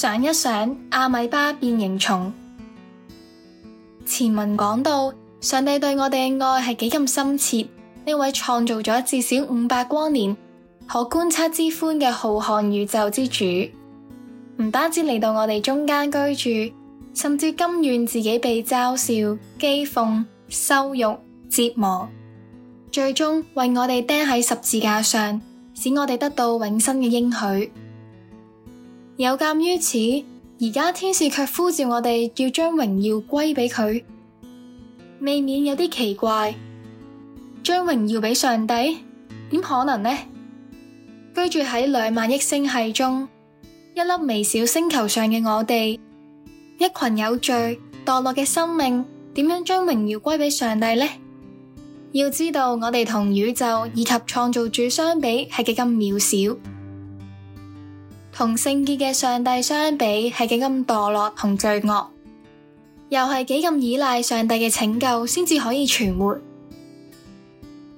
想一想，阿米巴變形蟲。前文講到，上帝對我哋嘅愛係幾咁深切。呢位創造咗至少五百光年可觀測之寬嘅浩瀚宇宙之主，唔單止嚟到我哋中間居住，甚至甘願自己被嘲笑、譏諷、羞辱、折磨，最終為我哋釘喺十字架上，使我哋得到永生嘅應許。有鑒於此，而家天使卻呼召我哋要將榮耀歸俾佢，未免有啲奇怪。將榮耀俾上帝，點可能呢？居住喺兩萬億星系中一粒微小星球上嘅我哋，一群有罪墮落嘅生命，點樣將榮耀歸俾上帝呢？要知道，我哋同宇宙以及創造主相比，係幾咁渺小。同聖潔嘅上帝相比，係幾咁墮落同罪惡，又係幾咁依賴上帝嘅拯救先至可以存活。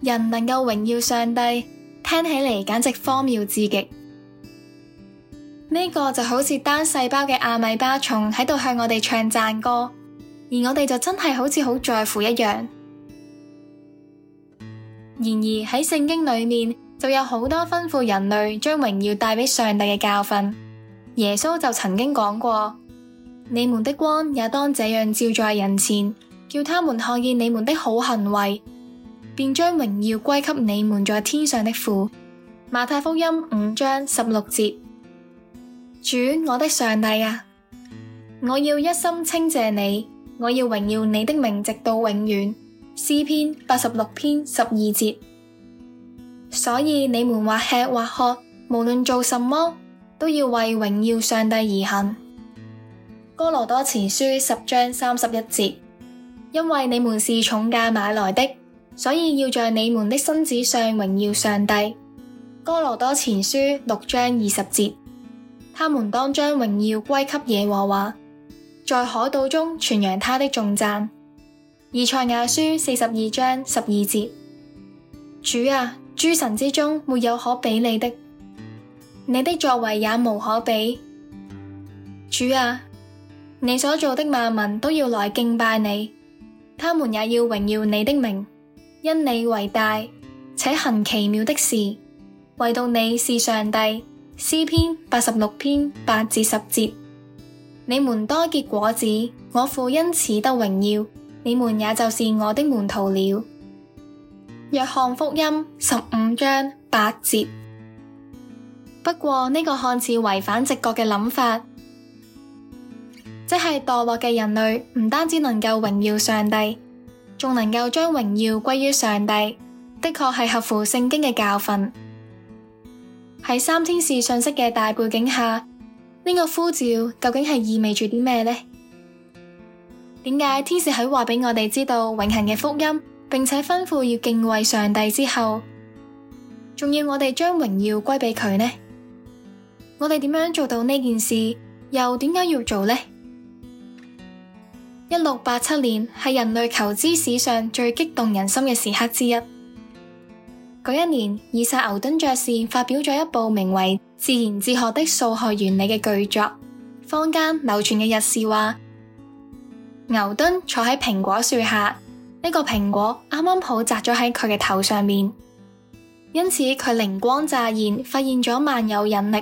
人能夠榮耀上帝，聽起嚟簡直荒謬至極。呢個就好似單細胞嘅阿米巴蟲喺度向我哋唱讚歌，而我哋就真係好似好在乎一樣。然而喺聖經裏面，就有好多吩咐人類將榮耀帶俾上帝嘅教訓。耶穌就曾經講過：你們的光也當這樣照在人前，叫他們看見你們的好行為，便將榮耀歸給你們在天上的父。馬太福音五章十六節。主，我的上帝啊，我要一心稱謝你，我要榮耀你的名，直到永遠。詩篇八十六篇十二節。所以你們或吃或喝，無論做什麼，都要為榮耀上帝而行。哥羅多前書十章三十一節。因為你們是重價買來的，所以要在你們的身子上榮耀上帝。哥羅多前書六章二十節。他們當將榮耀歸給耶和華，在海島中傳揚他的頌讚。以賽亞書四十二章十二節。主啊。諸神之中沒有可比你的，你的作為也無可比。主啊，你所做的萬民都要來敬拜你，他們也要榮耀你的名，因你為大，且行奇妙的事，唯獨你是上帝。詩篇八十六篇八至十節：你們多結果子，我父因此得榮耀，你們也就是我的門徒了。約翰福音十五章八節。不過呢個看似違反直覺嘅諗法，即係墮落嘅人類唔單止能夠榮耀上帝，仲能夠將榮耀歸於上帝，的確係合乎聖經嘅教訓。喺三天使信息嘅大背景下，呢個呼召究竟係意味住啲咩呢？點解天使喺話俾我哋知道永恒嘅福音？並且吩咐要敬畏上帝之後，仲要我哋將榮耀歸畀佢呢？我哋點樣做到呢件事？又點解要做呢？一六八七年係人類求知史上最激動人心嘅時刻之一。嗰一年，以撒牛頓爵士發表咗一部名為《自然哲學的數學原理》嘅巨作。坊間流傳嘅軼事話，牛頓坐喺蘋果樹下。呢個蘋果啱啱好砸咗喺佢嘅頭上面，因此佢靈光乍現，發現咗萬有引力。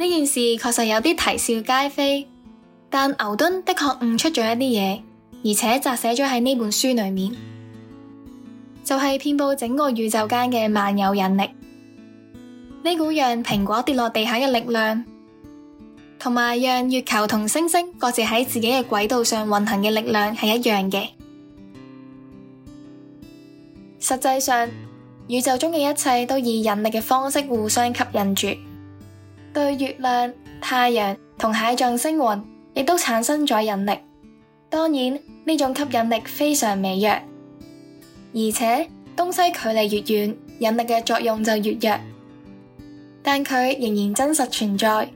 呢件事確實有啲啼笑皆非，但牛頓的確悟出咗一啲嘢，而且摘寫咗喺呢本書裏面，就係遍布整個宇宙間嘅萬有引力。呢股讓蘋果跌落地下嘅力量，同埋，讓月球同星星各自喺自己嘅軌道上運行嘅力量係一樣嘅。實際上，宇宙中嘅一切都以引力嘅方式互相吸引住，對月亮、太陽同蟹狀星雲亦都產生咗引力。當然，呢種吸引力非常微弱，而且東西距離越遠，引力嘅作用就越弱，但佢仍然真實存在。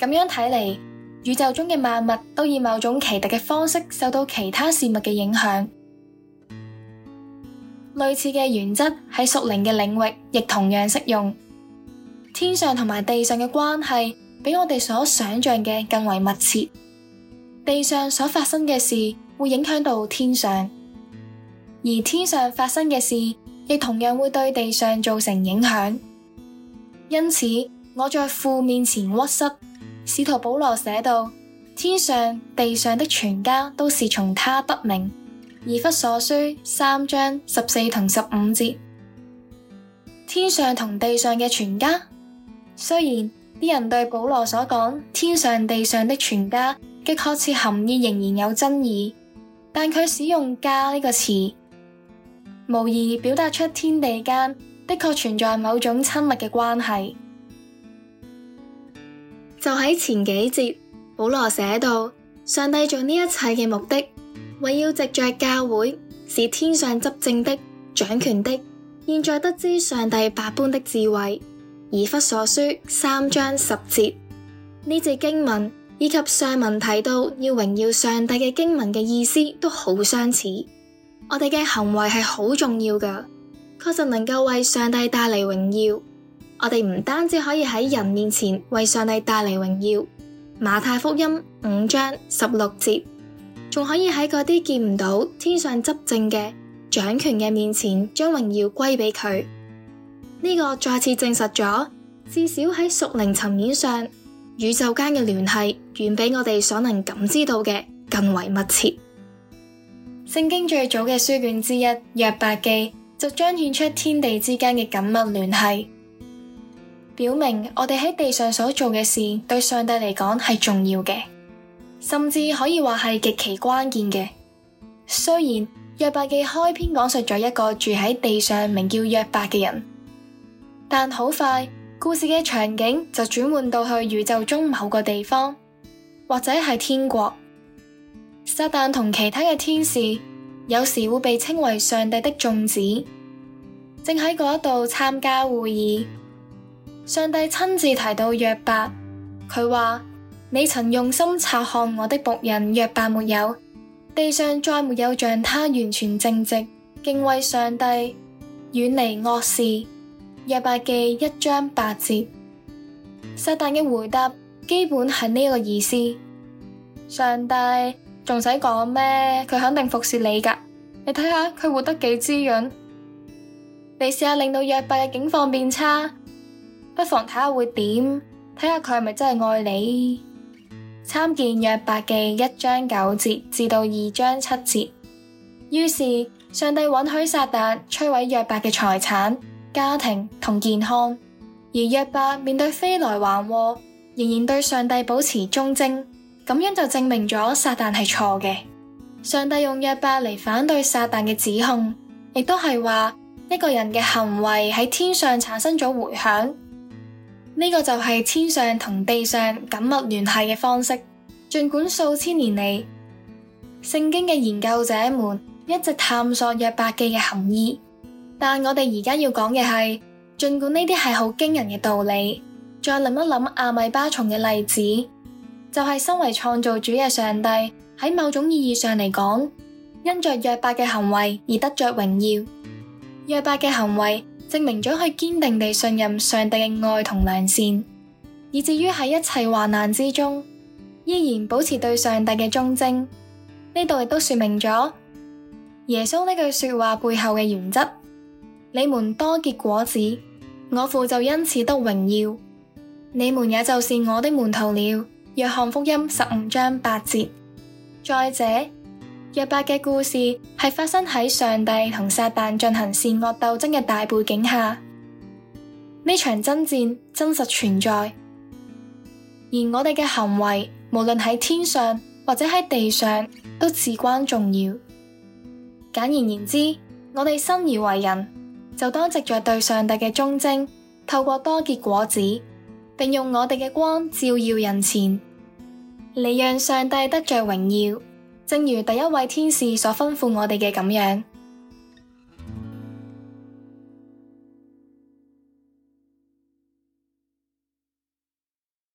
咁樣睇嚟，宇宙中嘅萬物都以某種奇特嘅方式受到其他事物嘅影響。類似嘅原則喺屬靈嘅領域亦同樣適用。天上同埋地上嘅關係比我哋所想象嘅更為密切。地上所發生嘅事會影響到天上，而天上發生嘅事亦同樣會對地上造成影響。因此，我在父面前屈膝。使徒保羅寫道：天上地上的全家都是從他得名。以弗所書三章十四同十五節。天上同地上嘅全家，雖然啲人對保羅所講天上地上的全家嘅確切含義仍然有爭議，但佢使用家呢個詞，無疑表達出天地間的確存在某種親密嘅關係。就喺前幾節，保羅寫到，上帝做呢一切嘅目的，為要藉着教會，使天上執政的掌權的，現在得知上帝百般的智慧。而弗所書三章十節，呢節經文，以及上文提到要榮耀上帝嘅經文嘅意思，都好相似。我哋嘅行為係好重要嘅，確實能夠為上帝帶嚟榮耀。我哋唔單止可以喺人面前為上帝帶嚟榮耀，馬太福音五章十六節，仲可以喺嗰啲見唔到天上執政嘅、掌權嘅面前將榮耀歸俾佢。呢、這個再次證實咗，至少喺屬靈層面上，宇宙間嘅聯繫遠比我哋所能感知到嘅更為密切。聖經最早嘅書卷之一《約伯記》就彰顯出天地之間嘅緊密聯繫。表明我哋喺地上所做嘅事，對上帝嚟講係重要嘅，甚至可以話係極其關鍵嘅。雖然約伯記開篇講述咗一個住喺地上名叫約伯嘅人，但好快故事嘅場景就轉換到去宇宙中某個地方，或者係天國。撒旦同其他嘅天使有時會被稱為上帝的眾子，正喺嗰度參加會議。上帝親自提到約伯，佢話：你曾用心察看我的僕人約伯沒有？地上再沒有像他完全正直、敬畏上帝、遠離惡事。約伯記一章八節，撒旦嘅回答基本係呢個意思。上帝仲使講咩？佢肯定服侍你噶，你睇下佢活得幾滋潤。你試下令到約伯嘅境況變差。不妨睇下會點，睇下佢係咪真係愛你。參見約伯記一章九節至到二章七節。於是上帝允許撒旦摧毀約伯嘅財產、家庭同健康，而約伯面對飛來橫禍，仍然對上帝保持忠貞，咁樣就證明咗撒旦係錯嘅。上帝用約伯嚟反對撒旦嘅指控，亦都係話一個人嘅行為喺天上產生咗回響。呢個就係天上同地上緊密聯繫嘅方式。盡管數千年嚟，聖經嘅研究者們一直探索約伯記嘅含義，但我哋而家要講嘅係，盡管呢啲係好驚人嘅道理，再諗一諗阿米巴蟲嘅例子，就係、是、身為創造主嘅上帝喺某種意義上嚟講，因着約伯嘅行為而得着榮耀。約伯嘅行為。證明咗佢堅定地信任上帝嘅愛同良善，以至於喺一切患難之中，依然保持對上帝嘅忠貞。呢度亦都說明咗耶穌呢句說話背後嘅原則：你們多結果子，我父就因此得榮耀；你們也就是我的門徒了。約翰福音十五章八節。再者。約伯嘅故事係發生喺上帝同撒旦進行善惡鬥爭嘅大背景下，呢場爭戰真實存在，而我哋嘅行為無論喺天上或者喺地上都至關重要。簡而言之，我哋生而為人，就當藉着對上帝嘅忠貞，透過多結果子，並用我哋嘅光照耀人前，嚟讓上帝得着榮耀。正如第一位天使所吩咐我哋嘅咁樣。